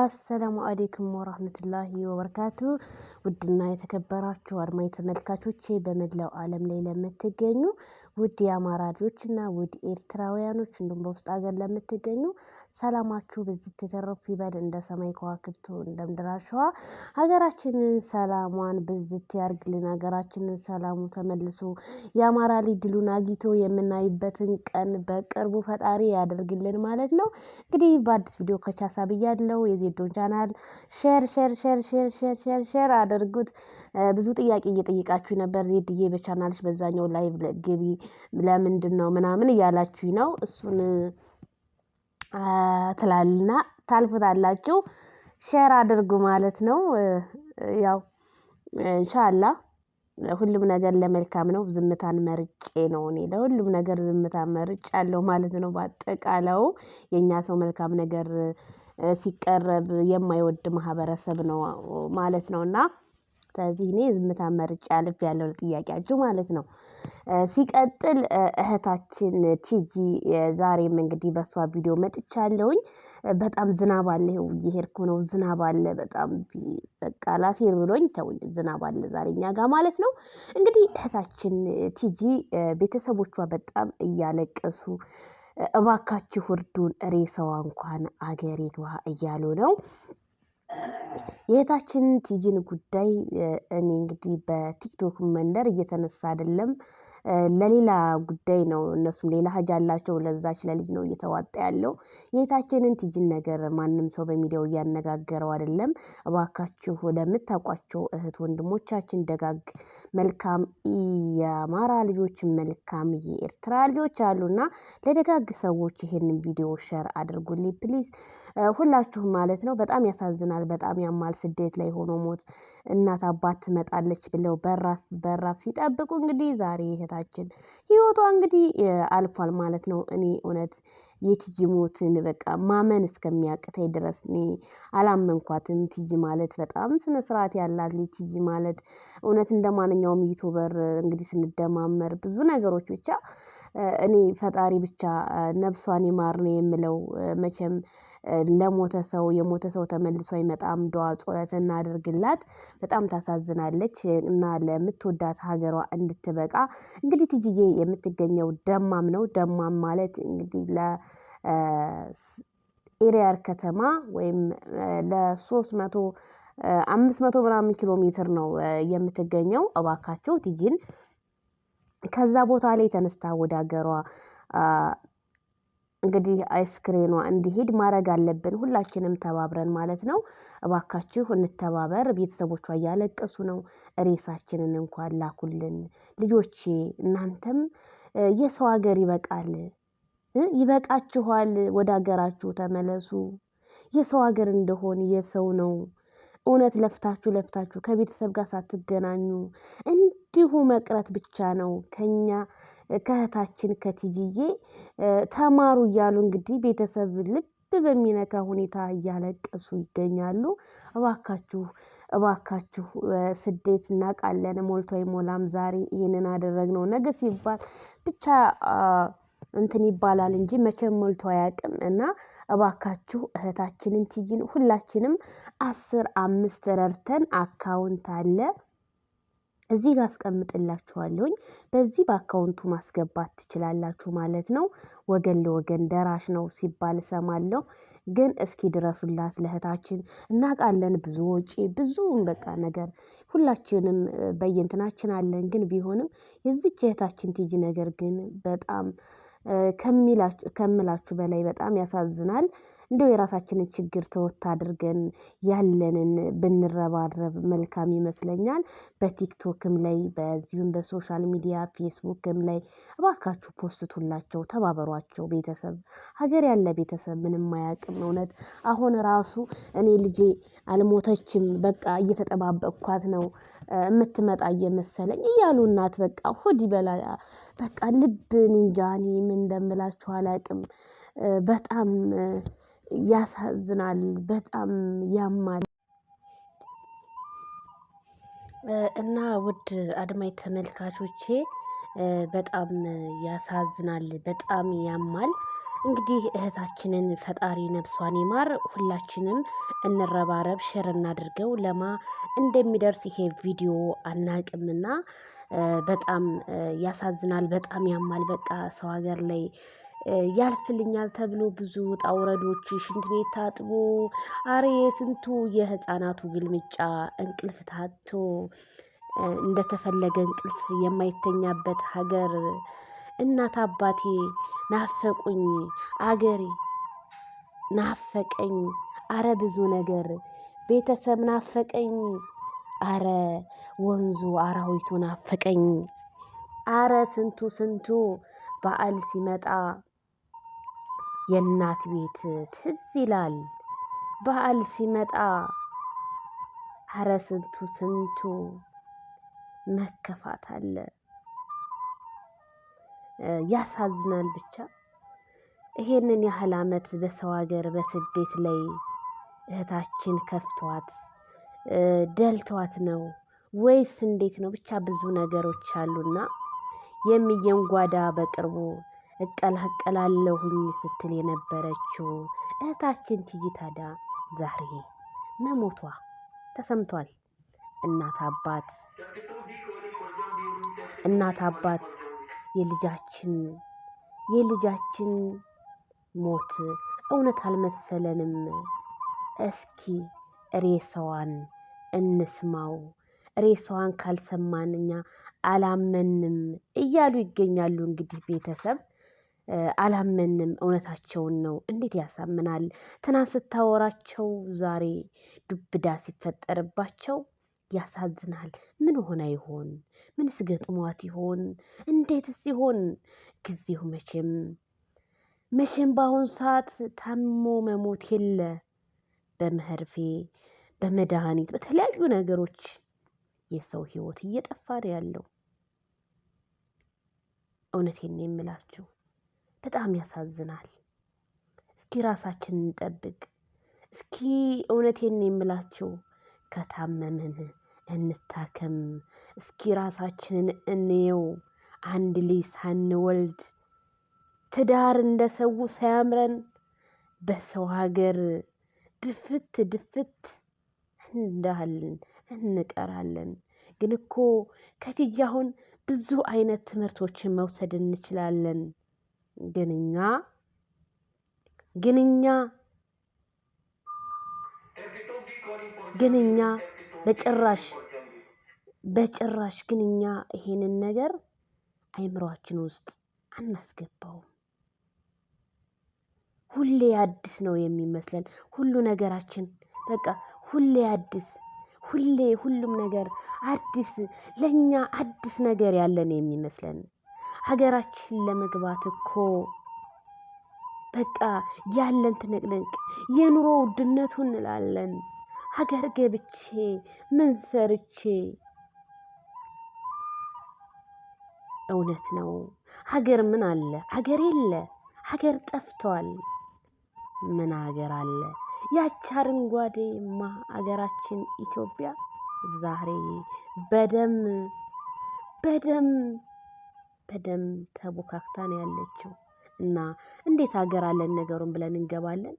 አሰላሙ አሌይኩም ወራህመቱላሂ ወበረካቱ። ውድና የተከበራችሁ አድማጭ ተመልካቾቼ በመላው ዓለም ላይ ለምትገኙ ውድ የአማራ እና ውድ ኤርትራውያኖች እንዲሁም በውስጥ ሀገር ለምትገኙ ሰላማችሁ ብዝት ተተረፉ ይበል እንደ ሰማይ ከዋክብቱ እንደ ምድር አሸዋ። ሀገራችንን ሰላሟን ብዝት ያርግልን። ሀገራችንን ሰላሙ ተመልሶ የአማራ ልጅ ድሉን አግኝቶ የምናይበትን ቀን በቅርቡ ፈጣሪ ያደርግልን ማለት ነው። እንግዲህ በአዲስ ቪዲዮ ከቻሳ ብያለው። የዜዶን ቻናል ሼር ሼር ሼር ሼር ሼር ሼር ሼር አድርጉት። ብዙ ጥያቄ እየጠየቃችሁ ነበር። ዜድዬ በቻናልሽ በዛኛው ላይ ግቢ ለምንድን ነው ምናምን እያላችሁ ነው። እሱን ትላልና ታልፉታላችሁ። ሼር አድርጉ ማለት ነው። ያው እንሻላ ሁሉም ነገር ለመልካም ነው። ዝምታን መርጬ ነው እኔ ለሁሉም ነገር ዝምታን መርጭ ያለው ማለት ነው። በአጠቃላዩ የእኛ ሰው መልካም ነገር ሲቀረብ የማይወድ ማህበረሰብ ነው ማለት ነው እና ስለዚህ እኔ ዝምታ መርጬ አልፌያለሁ ጥያቄያችሁ ማለት ነው። ሲቀጥል እህታችን ቲጂ ዛሬም እንግዲህ በሷ ቪዲዮ መጥቻለሁኝ። በጣም ዝናብ አለ ይኸው እየሄድኩ ነው ዝናብ አለ በጣም በቃ ላፌር ብሎኝ ተውኝ ዝናብ አለ ዛሬ እኛ ጋር ማለት ነው። እንግዲህ እህታችን ቲጂ ቤተሰቦቿ በጣም እያለቀሱ እባካችሁ እርዱን ሬሳዋ እንኳን አገር ይግባ እያሉ ነው። የእህታችን ቲጂን ጉዳይ እኔ እንግዲህ በቲክቶክ መንደር እየተነሳ አይደለም ለሌላ ጉዳይ ነው። እነሱም ሌላ ሀጅ አላቸው ለዛች ለልጅ ነው እየተዋጣ ያለው። የእህታችንን ቲጂን ነገር ማንም ሰው በሚዲያው እያነጋገረው አይደለም። እባካችሁ ለምታውቋቸው እህት ወንድሞቻችን ደጋግ መልካም የአማራ ልጆች መልካም የኤርትራ ልጆች አሉና ለደጋግ ሰዎች ይሄንን ቪዲዮ ሸር አድርጉልኝ ፕሊዝ ሁላችሁም ማለት ነው። በጣም ያሳዝናል ይሆናል። በጣም ያማል። ስደት ላይ ሆኖ ሞት እናት አባት ትመጣለች ብለው በራፍ በራፍ ሲጠብቁ እንግዲህ ዛሬ እህታችን ህይወቷ እንግዲህ አልፏል ማለት ነው። እኔ እውነት የቲጂ ሞትን በቃ ማመን እስከሚያቅተኝ ድረስ እኔ አላመንኳትም። ቲጂ ማለት በጣም ስነ ስርዓት ያላት ልጅ ቲጂ ማለት እውነት እንደ ማንኛውም ዩቱበር እንግዲህ ስንደማመር ብዙ ነገሮች ብቻ እኔ ፈጣሪ ብቻ ነብሷን ይማር ነው የምለው። መቼም ለሞተ ሰው የሞተ ሰው ተመልሶ አይመጣም። ዱዓ ጾረት እናደርግላት። በጣም ታሳዝናለች እና ለምትወዳት ሀገሯ እንድትበቃ እንግዲህ ትጅዬ የምትገኘው ደማም ነው። ደማም ማለት እንግዲህ ኤሪያር ከተማ ወይም ለሶስት መቶ አምስት መቶ ምናምን ኪሎ ሜትር ነው የምትገኘው። እባካቸው ትጂን ከዛ ቦታ ላይ ተነስታ ወደ ሀገሯ እንግዲህ አይስክሬኗ እንዲሄድ ማድረግ አለብን ሁላችንም ተባብረን ማለት ነው። እባካችሁ እንተባበር ቤተሰቦቿ እያለቀሱ ነው። ሬሳችንን እንኳን ላኩልን ልጆቼ እናንተም የሰው ሀገር ይበቃል። ይበቃችኋል ወደ ሀገራችሁ ተመለሱ። የሰው ሀገር እንደሆን የሰው ነው። እውነት ለፍታችሁ ለፍታችሁ ከቤተሰብ ጋር ሳትገናኙ እንዲሁ መቅረት ብቻ ነው። ከኛ ከእህታችን ከቲጂዬ ተማሩ እያሉ እንግዲህ ቤተሰብ ልብ በሚነካ ሁኔታ እያለቀሱ ይገኛሉ። እባካችሁ እባካችሁ ስደት እናቃለን፣ ሞልቶ አይሞላም ዛሬ ይሄንን አደረግነው ነገ ሲባል ብቻ እንትን ይባላል እንጂ መቼም ሞልቶ አያውቅም። እና እባካችሁ እህታችንን ቲጂን ሁላችንም አስር አምስት ረድተን አካውንት አለ እዚህ ጋር አስቀምጥላችኋለሁኝ በዚህ በአካውንቱ ማስገባት ትችላላችሁ ማለት ነው። ወገን ለወገን ደራሽ ነው ሲባል እሰማለሁ። ግን እስኪ ድረሱላት ለእህታችን እናውቃለን ብዙ ወጪ ብዙም በቃ ነገር ሁላችንም በየእንትናችን አለን ግን ቢሆንም የዚች እህታችን ቲጂ ነገር ግን በጣም ከምላችሁ በላይ በጣም ያሳዝናል እንደው የራሳችንን ችግር ተወት አድርገን ያለንን ብንረባረብ መልካም ይመስለኛል። በቲክቶክም ላይ በዚሁም በሶሻል ሚዲያ ፌስቡክም ላይ እባካችሁ ፖስቱላቸው ተባበሯቸው ቤተሰብ ሀገር ያለ ቤተሰብ ምንም አያውቅም። እውነት አሁን ራሱ እኔ ልጄ አልሞተችም በቃ እየተጠባበቅኳት ነው የምትመጣ እየመሰለኝ እያሉ እናት በቃ ሆድ ይበላል በቃ ልብ እንጃ እኔ ምን እንደምላችሁ አላውቅም። በጣም ያሳዝናል፣ በጣም ያማል። እና ውድ አድማይ ተመልካቾቼ በጣም ያሳዝናል፣ በጣም ያማል። እንግዲህ እህታችንን ፈጣሪ ነፍሷን ይማር። ሁላችንም እንረባረብ፣ ሼር እናድርገው። ለማ እንደሚደርስ ይሄ ቪዲዮ አናቅምና በጣም ያሳዝናል፣ በጣም ያማል። በቃ ሰው ሀገር ላይ ያልፍልኛል ተብሎ ብዙ ውጣ ውረዶች፣ ሽንት ቤት ታጥቦ፣ አሬ ስንቱ የህፃናቱ ግልምጫ እንቅልፍ ታቶ እንደተፈለገ እንቅልፍ የማይተኛበት ሀገር እናት አባቴ ናፈቁኝ፣ አገሬ ናፈቀኝ፣ አረ ብዙ ነገር ቤተሰብ ናፈቀኝ፣ አረ ወንዙ አራዊቱ ናፈቀኝ፣ አረ ስንቱ ስንቱ በዓል ሲመጣ የእናት ቤት ትዝ ይላል በዓል ሲመጣ አረ ስንቱ ስንቱ መከፋት አለ። ያሳዝናል ብቻ ይሄንን ያህል ዓመት በሰው ሀገር በስደት ላይ እህታችን ከፍቷት ደልቷት ነው ወይስ እንዴት ነው? ብቻ ብዙ ነገሮች አሉና የእምዬን ጓዳ በቅርቡ እቀላቀላለሁኝ ስትል የነበረችው እህታችን እትዬ ታዲያ ዛሬ መሞቷ ተሰምቷል። እናት አባት እናት አባት የልጃችን የልጃችን ሞት እውነት አልመሰለንም። እስኪ ሬሳዋን እንስማው፣ ሬሳዋን ካልሰማን እኛ አላመንም እያሉ ይገኛሉ። እንግዲህ ቤተሰብ አላመንም እውነታቸውን ነው እንዴት ያሳምናል? ትናንት ስታወራቸው ዛሬ ዱብዳ ሲፈጠርባቸው ያሳዝናል። ምን ሆና ይሆን? ምንስ ገጥሟት ይሆን? እንዴትስ ይሆን? ጊዜው መቼም መቼም በአሁን ሰዓት ታሞ መሞት የለ። በመርፌ በመድሃኒት በተለያዩ ነገሮች የሰው ህይወት እየጠፋ ነው ያለው። እውነቴን ነው የምላችሁ በጣም ያሳዝናል። እስኪ ራሳችንን እንጠብቅ። እስኪ እውነቴን ነው የምላችሁ ከታመምን እንታከም። እስኪ ራሳችንን እንየው። አንድ ልጅ ሳንወልድ ትዳር እንደ ሰው ሳያምረን በሰው ሀገር ድፍት ድፍት እንዳልን እንቀራለን። ግን እኮ ከቲጂ አሁን ብዙ አይነት ትምህርቶችን መውሰድ እንችላለን። ግንኛ ግንኛ ግንኛ በጭራሽ በጭራሽ ግንኛ ይሄንን ነገር አይምሯችን ውስጥ አናስገባውም። ሁሌ አዲስ ነው የሚመስለን ሁሉ ነገራችን። በቃ ሁሌ አዲስ ሁሌ ሁሉም ነገር አዲስ ለኛ አዲስ ነገር ያለን የሚመስለን ሀገራችን ለመግባት እኮ በቃ ያለን ትንቅንቅ የኑሮ ውድነቱ እንላለን። ሀገር ገብቼ ምን ሰርቼ እውነት ነው። ሀገር ምን አለ? ሀገር የለ። ሀገር ጠፍቷል። ምን ሀገር አለ? ያች አረንጓዴማ ሀገራችን ኢትዮጵያ ዛሬ በደም በደም በደም ተቦካክታ ነው ያለችው። እና እንዴት ሀገር አለን ነገሩን ብለን እንገባለን።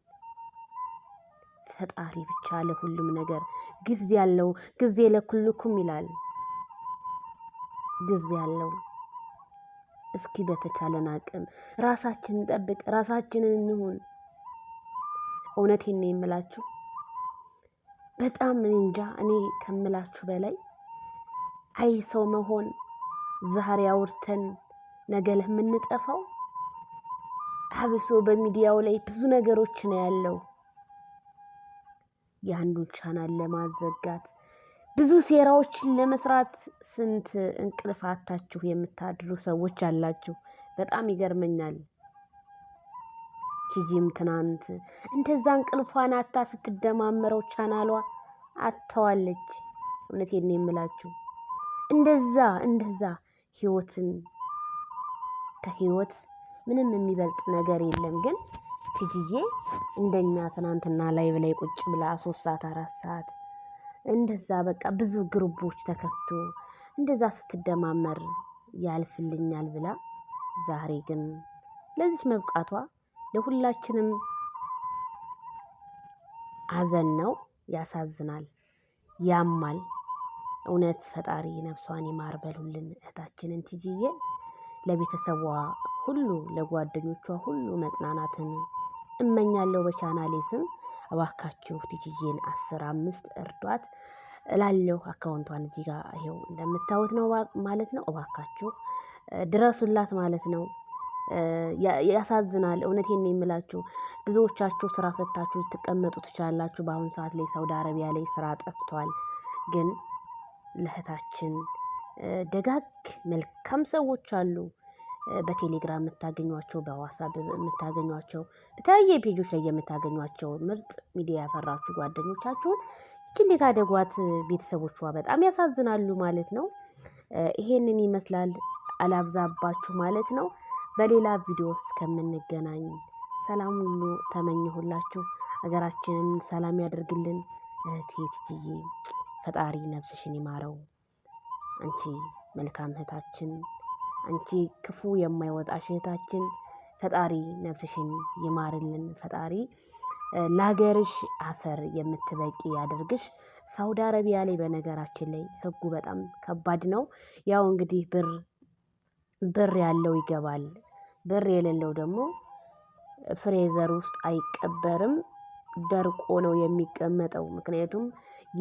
ፈጣሪ ብቻ ለሁሉም ነገር ጊዜ ያለው ጊዜ ለኩልኩም ይላል። ጊዜ ያለው እስኪ በተቻለን አቅም ራሳችንን ጠብቅ፣ ራሳችንን እንሁን። እውነቴን ነው የምላችሁ። በጣም እንጃ እኔ ከምላችሁ በላይ አይ ሰው መሆን ዛሬ አውርተን ነገ ለምንጠፋው አብሶ በሚዲያው ላይ ብዙ ነገሮች ነው ያለው። የአንዱን ቻናል ለማዘጋት ብዙ ሴራዎችን ለመስራት ስንት እንቅልፍ አታችሁ የምታድሩ ሰዎች አላችሁ። በጣም ይገርመኛል። ቲጂም ትናንት እንደዛ እንቅልፏን አታ ስትደማመረው ቻናሏ አጥተዋለች። እውነቴን ነው የምላችሁ። እንደዛ እንደዛ ህይወትን ከህይወት ምንም የሚበልጥ ነገር የለም። ግን ትጂዬ እንደኛ ትናንትና ላይ ላይ ቁጭ ብላ ሶስት ሰዓት አራት ሰዓት እንደዛ በቃ ብዙ ግሩቦች ተከፍቶ እንደዛ ስትደማመር ያልፍልኛል ብላ ዛሬ ግን ለዚች መብቃቷ ለሁላችንም አዘን ነው። ያሳዝናል፣ ያማል። እውነት ፈጣሪ ነፍሷን ይማር በሉልን እህታችንን ትጂዬ ለቤተሰቧ ሁሉ ለጓደኞቿ ሁሉ መጽናናትን እመኛለሁ። በቻናሌ ስም እባካችሁ ቲጂዬን አስር አምስት እርዷት እላለሁ። አካውንቷን እዚህ ጋር ይኸው እንደምታዩት ነው ማለት ነው። እባካችሁ ድረሱላት ማለት ነው። ያሳዝናል። እውነቴን ነው የምላችሁ። ብዙዎቻችሁ ስራ ፈታችሁ ልትቀመጡ ትችላላችሁ። በአሁኑ ሰዓት ላይ ሳውዲ አረቢያ ላይ ስራ ጠፍቷል። ግን ለእህታችን ደጋግ መልካም ሰዎች አሉ። በቴሌግራም የምታገኟቸው፣ በዋትሳፕ የምታገኟቸው፣ በተለያየ ፔጆች ላይ የምታገኟቸው ምርጥ ሚዲያ ያፈራችሁ ጓደኞቻችሁን ይችን አደጓት ቤተሰቦቿ በጣም ያሳዝናሉ ማለት ነው። ይሄንን ይመስላል። አላብዛባችሁ ማለት ነው። በሌላ ቪዲዮ ውስጥ ከምንገናኝ ሰላም ሁሉ ተመኘሁላችሁ። ሀገራችንን ሰላም ያደርግልን። እህቴ ፈጣሪ ነፍስሽን ይማረው። አንቺ መልካም እህታችን፣ አንቺ ክፉ የማይወጣሽ እህታችን ፈጣሪ ነፍስሽን ይማርልን። ፈጣሪ ለሀገርሽ አፈር የምትበቂ ያደርግሽ። ሳውዲ አረቢያ ላይ በነገራችን ላይ ህጉ በጣም ከባድ ነው። ያው እንግዲህ ብር ብር ያለው ይገባል፣ ብር የሌለው ደግሞ ፍሬዘር ውስጥ አይቀበርም። ደርቆ ነው የሚቀመጠው። ምክንያቱም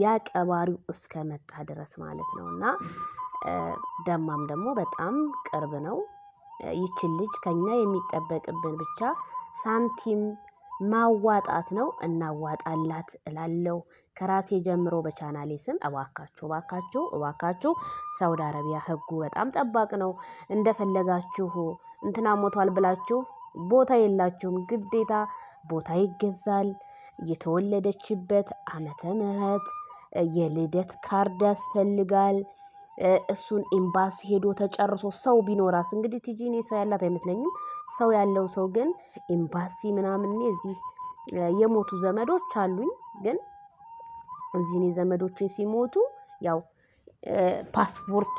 ያ ቀባሪው እስከመጣ ድረስ ማለት ነው። እና ደማም ደግሞ በጣም ቅርብ ነው። ይችን ልጅ ከኛ የሚጠበቅብን ብቻ ሳንቲም ማዋጣት ነው። እናዋጣላት እላለው ከራሴ ጀምሮ በቻናሌ ስም። እባካችሁ እባካችሁ እባካችሁ ሳውዲ አረቢያ ህጉ በጣም ጠባቅ ነው። እንደፈለጋችሁ እንትና ሞቷል ብላችሁ ቦታ የላችሁም። ግዴታ ቦታ ይገዛል። የተወለደችበት ዓመተ ምህረት የልደት ካርድ ያስፈልጋል። እሱን ኤምባሲ ሄዶ ተጨርሶ ሰው ቢኖራስ እንግዲህ ቲጂ እኔ ሰው ያላት አይመስለኝም። ሰው ያለው ሰው ግን ኤምባሲ ምናምን እዚህ የሞቱ ዘመዶች አሉኝ ግን እዚህ እኔ ዘመዶችን ሲሞቱ ያው ፓስፖርት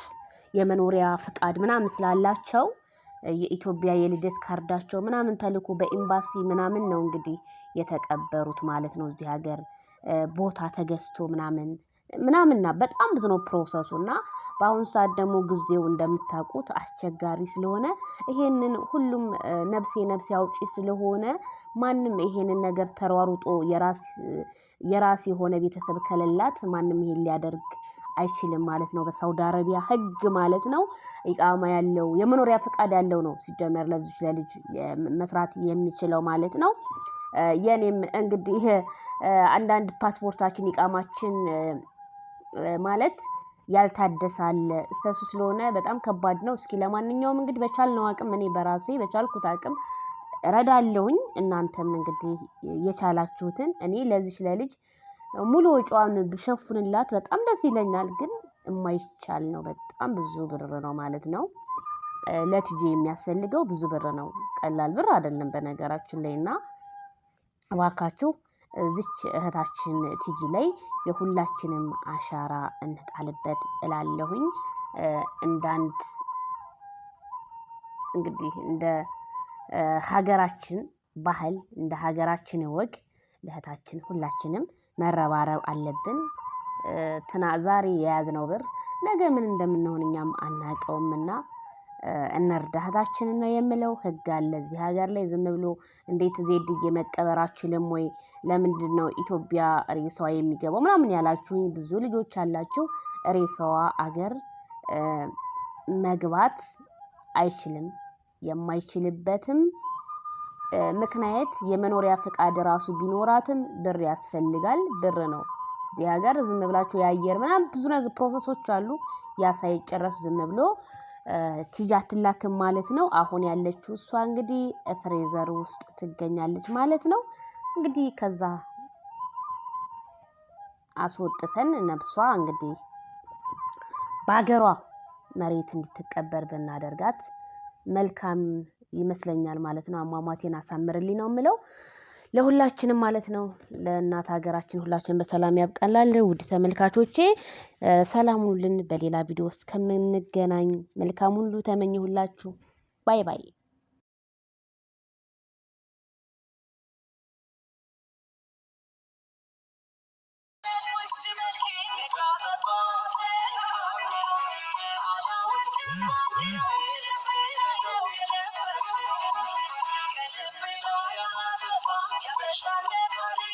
የመኖሪያ ፍቃድ ምናምን ስላላቸው የኢትዮጵያ የልደት ካርዳቸው ምናምን ተልኮ በኤምባሲ ምናምን ነው እንግዲህ የተቀበሩት ማለት ነው። እዚህ ሀገር ቦታ ተገዝቶ ምናምን ምናምንና በጣም ብዙ ነው ፕሮሰሱ እና በአሁኑ ሰዓት ደግሞ ጊዜው እንደምታውቁት አስቸጋሪ ስለሆነ ይሄንን ሁሉም ነብሴ ነብሴ አውጪ ስለሆነ ማንም ይሄንን ነገር ተሯሩጦ የራስ የሆነ ቤተሰብ ከሌላት ማንም ይሄን ሊያደርግ አይችልም ማለት ነው። በሳውዲ አረቢያ ህግ ማለት ነው። ኢቃማ ያለው የመኖሪያ ፈቃድ ያለው ነው ሲጀመር ለብዙች ለልጅ መስራት የሚችለው ማለት ነው። የኔም እንግዲህ አንዳንድ ፓስፖርታችን ኢቃማችን ማለት ያልታደሳል እሰሱ ስለሆነ በጣም ከባድ ነው። እስኪ ለማንኛውም እንግዲህ በቻልነው አቅም እኔ በራሴ በቻልኩት አቅም እረዳለሁኝ። እናንተም እንግዲህ የቻላችሁትን እኔ ለዚች ለልጅ ሙሉ ወጪዋን ብሸፉንላት በጣም ደስ ይለኛል። ግን የማይቻል ነው። በጣም ብዙ ብር ነው ማለት ነው። ለትዬ የሚያስፈልገው ብዙ ብር ነው። ቀላል ብር አይደለም በነገራችን ላይ እና እባካችሁ እዚች እህታችን ትጂ ላይ የሁላችንም አሻራ እንጣልበት እላለሁኝ። እንዳንድ እንግዲህ እንደ ሀገራችን ባህል እንደ ሀገራችን ወግ ለእህታችን ሁላችንም መረባረብ አለብን። ዛሬ የያዝነው ብር ነገ ምን እንደምንሆን እኛም አናውቀውምና። እንርዳ እህታችንን ነው የምለው ህግ አለ እዚህ ሀገር ላይ ዝም ብሎ እንዴት ዜድዬ የመቀበር አችልም ወይ? ነው ኢትዮጵያ ሬሳዋ የሚገባው ምናምን ያላችሁኝ ብዙ ልጆች አላችሁ። ሬሳዋ ሀገር መግባት አይችልም። የማይችልበትም ምክንያት የመኖሪያ ፈቃድ ራሱ ቢኖራትም ብር ያስፈልጋል። ብር ነው እዚህ ሀገር ዝም ብላችሁ የአየር ምናምን ብዙ ነገር ፕሮሰሶች አሉ። ያ ሳይጨረስ ዝም ብሎ ቲጃ አትላክም ማለት ነው። አሁን ያለችው እሷ እንግዲህ ፍሬዘር ውስጥ ትገኛለች ማለት ነው። እንግዲህ ከዛ አስወጥተን ነብሷ እንግዲህ በሀገሯ መሬት እንድትቀበር ብናደርጋት መልካም ይመስለኛል ማለት ነው። አሟሟቴን አሳምርልኝ ነው የምለው ለሁላችንም ማለት ነው። ለእናት ሀገራችን ሁላችን በሰላም ያብቃላል። ውድ ተመልካቾቼ ሰላም ሁኑልን። በሌላ ቪዲዮ ውስጥ ከምንገናኝ መልካም ሁሉ ሁላችሁ ባይ ባይ። সঙ্গে ধরে